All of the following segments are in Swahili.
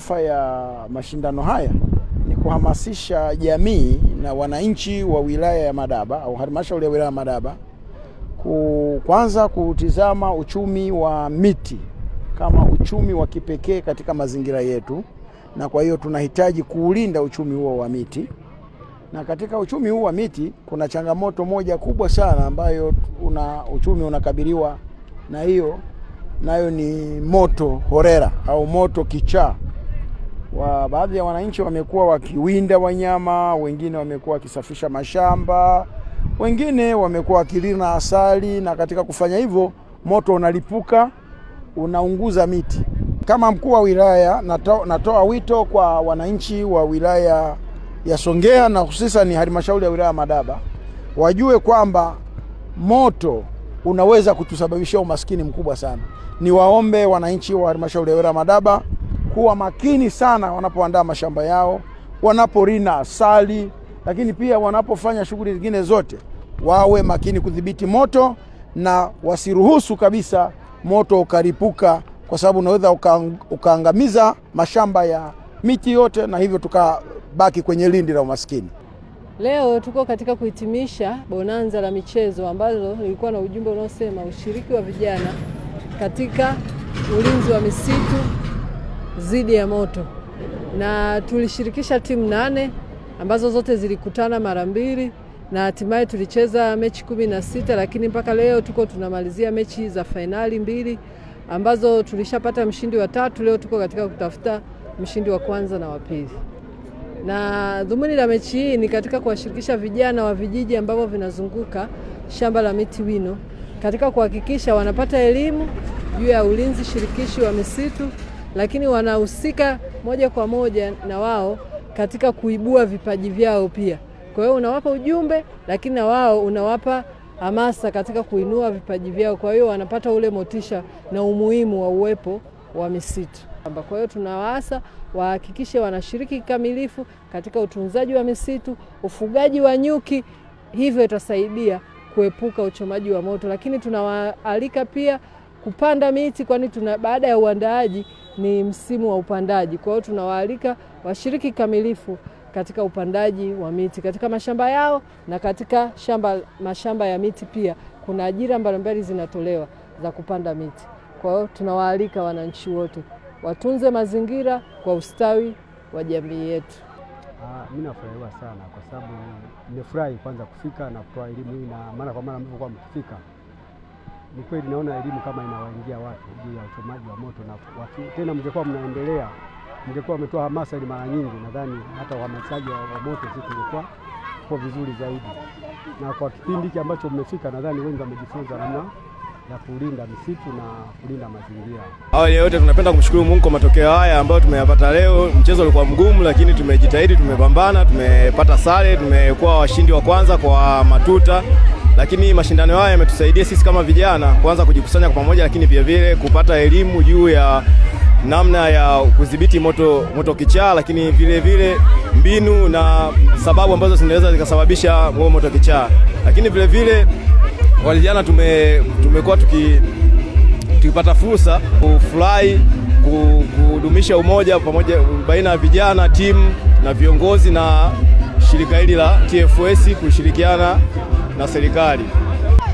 falsafa ya mashindano haya ni kuhamasisha jamii na wananchi wa wilaya ya Madaba au halmashauri ya wilaya ya Madaba kwanza kutizama uchumi wa miti kama uchumi wa kipekee katika mazingira yetu, na kwa hiyo tunahitaji kuulinda uchumi huo wa miti. Na katika uchumi huu wa miti kuna changamoto moja kubwa sana ambayo una uchumi unakabiliwa na hiyo nayo ni moto horera au moto kichaa wa baadhi ya wananchi wamekuwa wakiwinda wanyama, wengine wamekuwa wakisafisha mashamba, wengine wamekuwa wakilina asali, na katika kufanya hivyo moto unalipuka unaunguza miti. Kama mkuu wa wilaya nato, natoa wito kwa wananchi wa wilaya ya Songea na ni halmashauri ya wilaya Madaba wajue kwamba moto unaweza kutusababishia umaskini mkubwa sana. Niwaombe wananchi wa halmashauri ya wilaya Madaba kuwa makini sana wanapoandaa mashamba yao, wanaporina asali, lakini pia wanapofanya shughuli zingine zote wawe makini kudhibiti moto na wasiruhusu kabisa moto ukaripuka, kwa sababu unaweza ukaangamiza mashamba ya miti yote na hivyo tukabaki kwenye lindi la umaskini. Leo tuko katika kuhitimisha bonanza la michezo ambalo lilikuwa na ujumbe unaosema ushiriki wa vijana katika ulinzi wa misitu dhidi ya moto, na tulishirikisha timu nane ambazo zote zilikutana mara mbili na hatimaye tulicheza mechi kumi na sita, lakini mpaka leo tuko tunamalizia mechi za fainali mbili ambazo tulishapata mshindi wa tatu. Leo tuko katika kutafuta mshindi wa kwanza na wa pili, na dhumuni la mechi hii ni katika kuwashirikisha vijana wa vijiji ambavyo vinazunguka shamba la miti Wino katika kuhakikisha wanapata elimu juu ya ulinzi shirikishi wa misitu lakini wanahusika moja kwa moja na wao katika kuibua vipaji vyao pia. Kwa hiyo unawapa ujumbe, lakini na wao unawapa hamasa katika kuinua vipaji vyao. Kwa hiyo wanapata ule motisha na umuhimu wa uwepo wa misitu. Kwa hiyo tunawaasa wahakikishe wanashiriki kikamilifu katika utunzaji wa misitu, ufugaji wa nyuki, hivyo itasaidia kuepuka uchomaji wa moto. Lakini tunawaalika pia kupanda miti, kwani tuna baada ya uandaaji ni msimu wa upandaji. Kwa hiyo tunawaalika washiriki kikamilifu katika upandaji wa miti katika mashamba yao na katika shamba, mashamba ya miti pia kuna ajira mbalimbali zinatolewa za kupanda miti. Kwa hiyo tunawaalika wananchi wote watunze mazingira kwa ustawi wa jamii yetu. Mimi ah, nafurahiwa sana kwa sababu nimefurahi kwanza kufika na kutoa elimu hii na mara kwa mara mlivyokuwa mkifika ni kweli naona elimu kama inawaingia watu juu ya uchomaji wa moto na watu, tena mngekuwa mnaendelea, mngekuwa ametoa hamasa ni mara nyingi, nadhani hata uhamasishaji wa, wa moto sisi tungekuwa kwa vizuri zaidi, na kwa kipindi hiki ambacho mmefika, nadhani wengi wamejifunza namna ya kulinda misitu na kulinda mazingira. Awali yote, tunapenda kumshukuru Mungu kwa matokeo haya ambayo tumeyapata leo. Mchezo ulikuwa mgumu, lakini tumejitahidi, tumepambana, tumepata sare, tumekuwa washindi wa kwanza kwa matuta. Lakini mashindano haya yametusaidia sisi kama vijana kuanza kujikusanya kwa pamoja, lakini vile vile kupata elimu juu ya namna ya kudhibiti moto, moto kichaa, lakini vile vile mbinu na sababu ambazo zinaweza zikasababisha huo moto kichaa. Lakini vile vile kwa vijana tume tumekuwa tuki tukipata fursa kufurahi, kudumisha umoja pamoja baina ya vijana, timu na viongozi na shirika hili la TFS kushirikiana na serikali.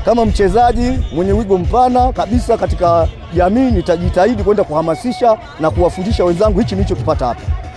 Kama mchezaji mwenye wigo mpana kabisa katika jamii, nitajitahidi kwenda kuhamasisha na kuwafundisha wenzangu hichi nilichokipata hapa.